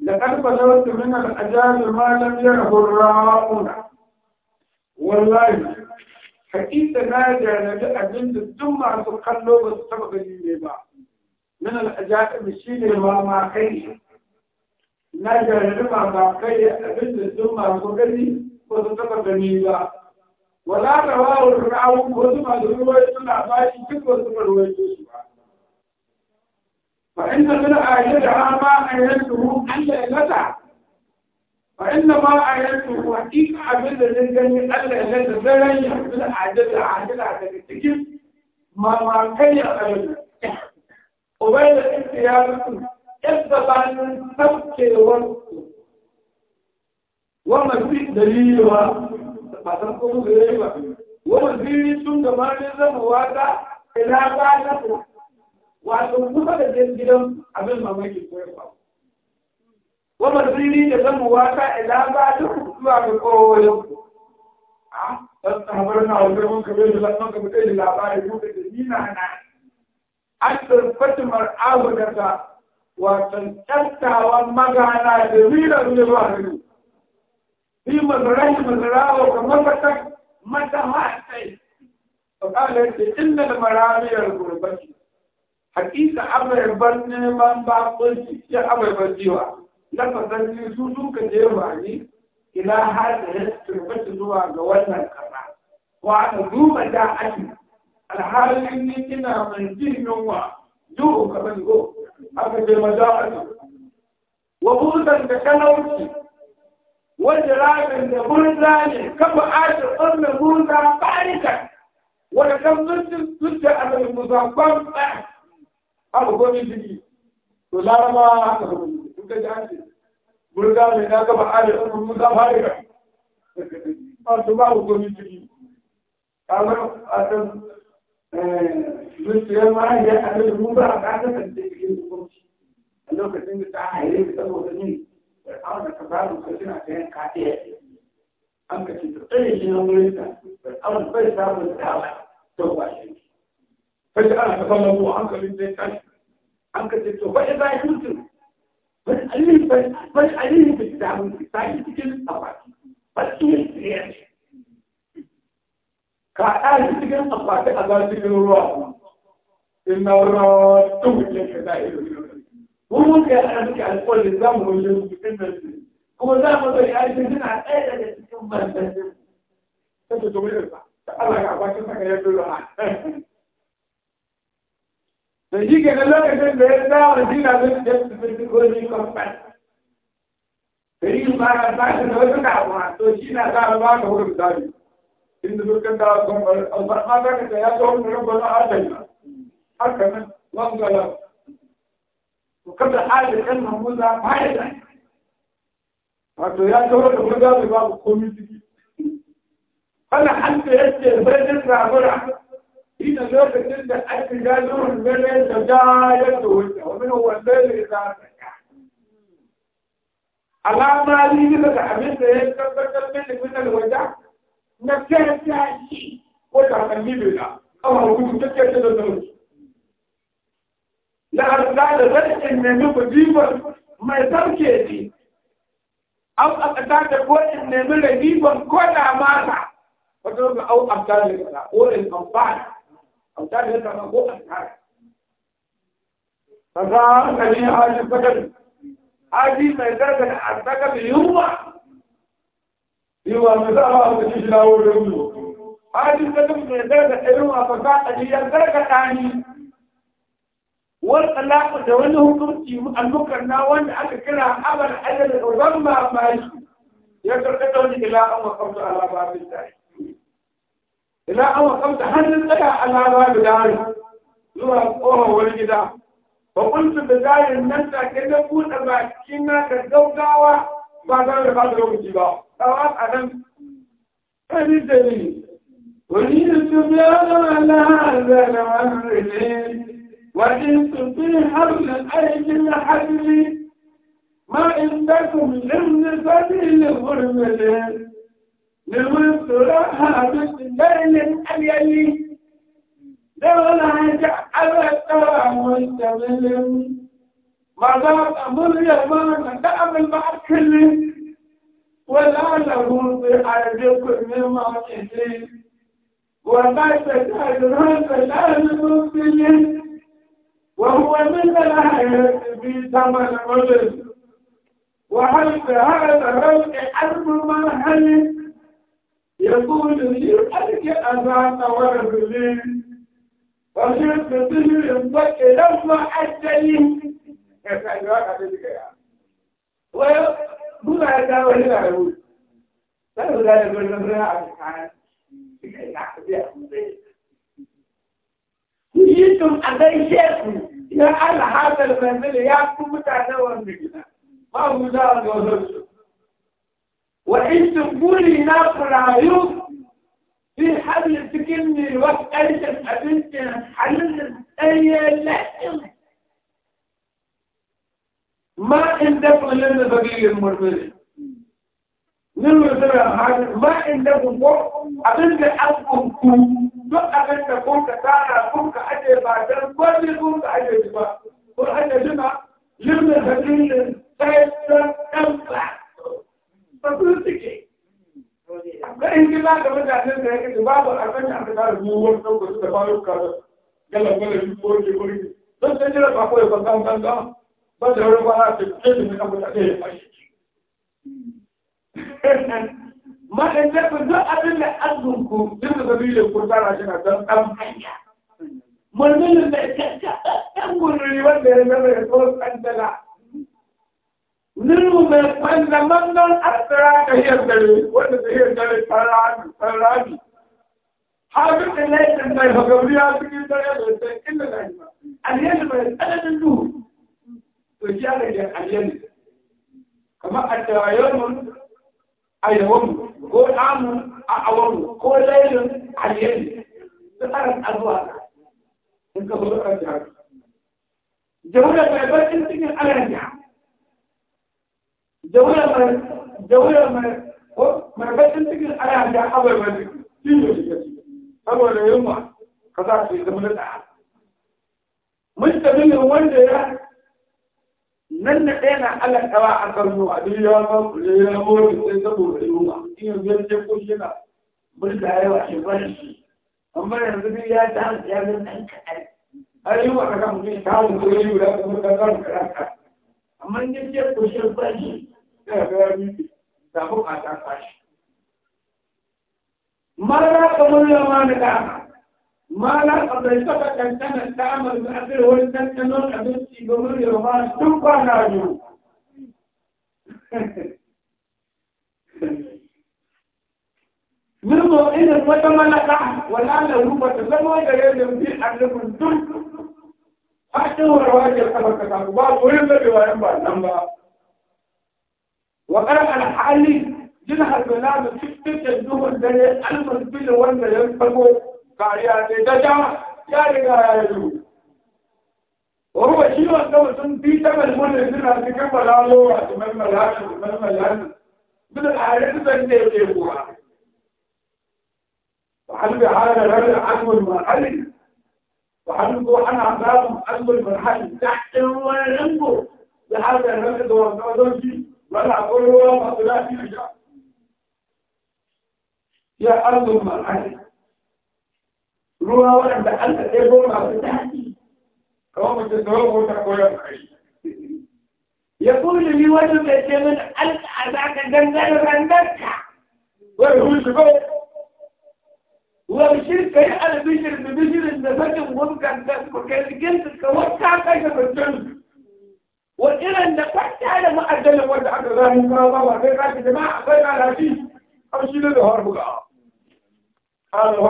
لقد بلغت من الأجال ما لم يره الراعون والله حقيقة ناجع نبي أبن الدمع تقلو بالسبب اللي من الأجائب الشيء ما ما خير ناجع نبي ما خير أبن الدمع تقلو بالسبب اللي ولا رواه الراعون وزمع الرواية العبائي كيف وزمع فإن من آيتها ما آيته ألا لدى فإن ما آيته حقيقة عبد الذي ألا لدى زلن يحمل عدد عدد عدد التكيف ما ما كي يقبل وبين اختيار إذا تبكي وقت وما في دليل فتنقل غيره وما في سنة ما لزم وهذا إلى بعد wato kusa da gidan abin mamaki ko ya faru wamar birni da zama wata ila ba duk zuwa ga kowayen a ɗan tsabar na wajen wanka bai da lafiya ka mutai da labarin duka da nina na an tsarfati mar'abu da ta wato tattawan magana da rira ne ba hannu fi mazarai mazarawa ga mafatan mata hatsai. Fakala yake inda da maramiyar gurbaki hakika abarbar neman bakon ya abarbar jiwa na fasanci su suka je wani ila hada ya turbata zuwa ga wannan kasa ko aka duba da aki alhalin ni ina mai jin yunwa duhu ka bani go aka je majalisar wa busan da talauci wanda rabin da burza ne kafa ajin wannan burza barika wanda kan zuci zuci a mai musamman tsaya abu ko min jiki to larama haka ba in ka ji an ce burga ne na gaba are ɗan mun za fare ka a to ba abu eh, ko min jiki kamar a san zuciyar mahaifiyar a nan mun ba a kasar da cikin hukunci a lokacin da ta haire da saboda ni da kawai da kabaru ka suna ta yanka ɗaya an ka ce ta shi na wurin ta da kawai bai samun dama to ba shi فجعل فله عقل زي كاشف عنك تكتب فإذا يمكن فاسأليه فاسأليه بالكتاب والكتاب تكل طبعا فاسأليه يعني كأهل تكل أصلاك أذان تكل الروح إن الروح تمت لك دائما وممكن أنا أبكي على كل الزمن واللي ممكن هو ده ما بيعرف هنا على الآلة اللي تكون مهمة تكتب تقول إيه الله يعافيك ما كان يقول فجيك انا لا كان لا عارفين على الجد في كل يوم بعد فريق ما كان بعد انه وزن عبوا توشينا دار بعد هو بداري ان دور كان دار قوم الله ما كان يا قوم رب الله هذا لنا حتى من وان قال وقبل حال العلم موزع ما يدري فتو يا قوم رب الله بقوم يدري فانا حتى يجي البلد يسمع قول عبد إذا لازم تبدأ أكل ده له الملل ده يده أنت ومن هو الملل إذا اللهم إيه، علي إذا تحملت إيه تبدأ منك من الوجع نفسها تعيش وتعمل بها أو هو تكتب تدرس لا لا لذلك إن نبديبا ما تركتي أو أقدر تقول إن نبديبا كل ما أو أقدر وإن أنفعت Kaza ka ne haji fagari, haji mai zarga da albaga mai yunwa, yunwa mai zama a cikin shi dawo da wuyo. Haji zarga mai zarga da yunwa ba za a jiya zarga ɗani. Wata laƙa da wani hukunci al'ukar na wanda aka kira abar ajiyar da zan ba ya karɓi ɗauki ila an makamta alaƙa a ila awa kamta hannun tsaya alama da dari zuwa tsohon wani gida ba kuntu da jarin nan ta ke na buɗe bakin na ka gaugawa ba za da fata lokaci ba tsawa a nan ƙari da ni wani da su biya da malaha da wani wani su bi harin aikin harbi ma in da kuma limni sabi ne hurmele للوصراها بالليل اليلي لولا جعلتها مستمر ما يا أمر يمان دعم كله ولا له بحرجكم مما تسير وما تجعلون فلا المبتلين وهو من الآيات في ثمن مدر وهل هذا الرزق حرب ما هلك يقول لي ألك أنا ورد لي وشرت طهر بك لما أجلي وبما يدعو هنا يقول لا يقول لا يقول لا يقول لا جيتم أدري شيخ يا أهل هذا المنزل يا كم تعلمون بكذا ما هو ذا الغزل وإن تقولي ناقل عيوب في حبل تكلمني الوقت أنت حبيبتي حلل أي لحظة ما إن دفع لنا بقية المرمزة نلو ترى ما إن دفع أبنت أبنت أبنت kare mu wani ɗaukar da bayan kare galan galan shi ko ke wuri don sai jira ba kawai ba kan kan kan ba da wani kwana ta ce ne kan mutane ya fashe ma'aikata ku duk abin da arzunku duk da zabilin ku tara shi na don ɗan hanya mulmulin da ita ɗan gurri wanda ya zama ya tsoron tsandala Nirmu mai kwanda mangan asira da hiyar dare wanda da hiyar dare tsarami حافظ الله لما يهجم لي هذا كل ده إلا العلم العلم أنا النور وجعل العلم كما أتى يوم أي يوم قول عام أعوام قول ليل العلم ذكرت أدوار إنك هو الرجال جولة بعبر أنت من الأرجع جولة ما جولة ما ما بعبر أنت من الأرجع أول ما تيجي saboda yunwa ka za su yi zama na ɗaya mustamilin wanda ya nan na ɗaya na alaƙawa a karnu a duk ya ba ku ne ya mori sai saboda yunwa in yanzu ya ce ko shi na ya wa shi ba shi amma yanzu duk ya ta hanzu ya zama ɗan kaɗan har yunwa ka kan mutum ta hanzu ko yi guda kuma ka kan kaɗan amma yanzu ya ce ko shi ba shi ya ga ya miƙe sabon a ta fashi مرنا قبل يومان الأعمى ما لا قبل سبق أن كان التعامل بأخير هو التنور أبنتي قبل يومان تبقى ناجو من مؤمن وتملكه ولعله فتزوج يدم في حقكم ترك حتى هو رواج الخبر كتاب ويبقى بوايم بعد وقرأ الحالي jilhar da namu cikin duhun dare alfan fili wanda ya fago kariya ne da dama ya riga ya yi وهو شيء وانتوسن في تمل من الذين ذكر ملاله من ملاله من ملاله من العائلة بنتي وجيبوها وحلب هذا الرجل عدو المنحل وحلب أنا عذاب عدو المنحل تحت وينبو بهذا الرجل وانتوسن ولا أقول هو مطلع في الجامعة يا أرض المرحلة روها وانا بحلت ايبور على بتاعتي قوام تدعوه وتقول يا يقول لي وانا بيتمن ألف عباك الدنزل عن مكة ويقول لي وبشير كي أنا بشير ببشير النبات وممكة وكان جنس الكوات كعبا يبتل وإلى أن نفعت على ما أجل وزع الله إن شاء الله وفي غاية جماعة غير على شيء أرشيل الهرب الله سبحانه